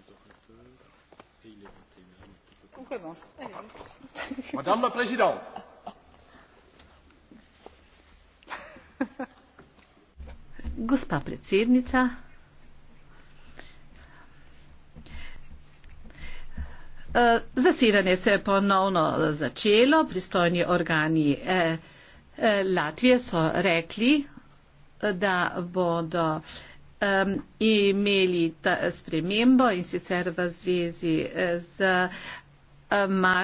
les orateurs et il est 21 heures. On commence. Allez. Madame la Présidente. Gospa predsednica, eh, zasedanje se je ponovno začelo, pristojni organi eh, eh, Latvije so rekli, da bodo um, imeli ta spremembo in sicer v zvezi z um,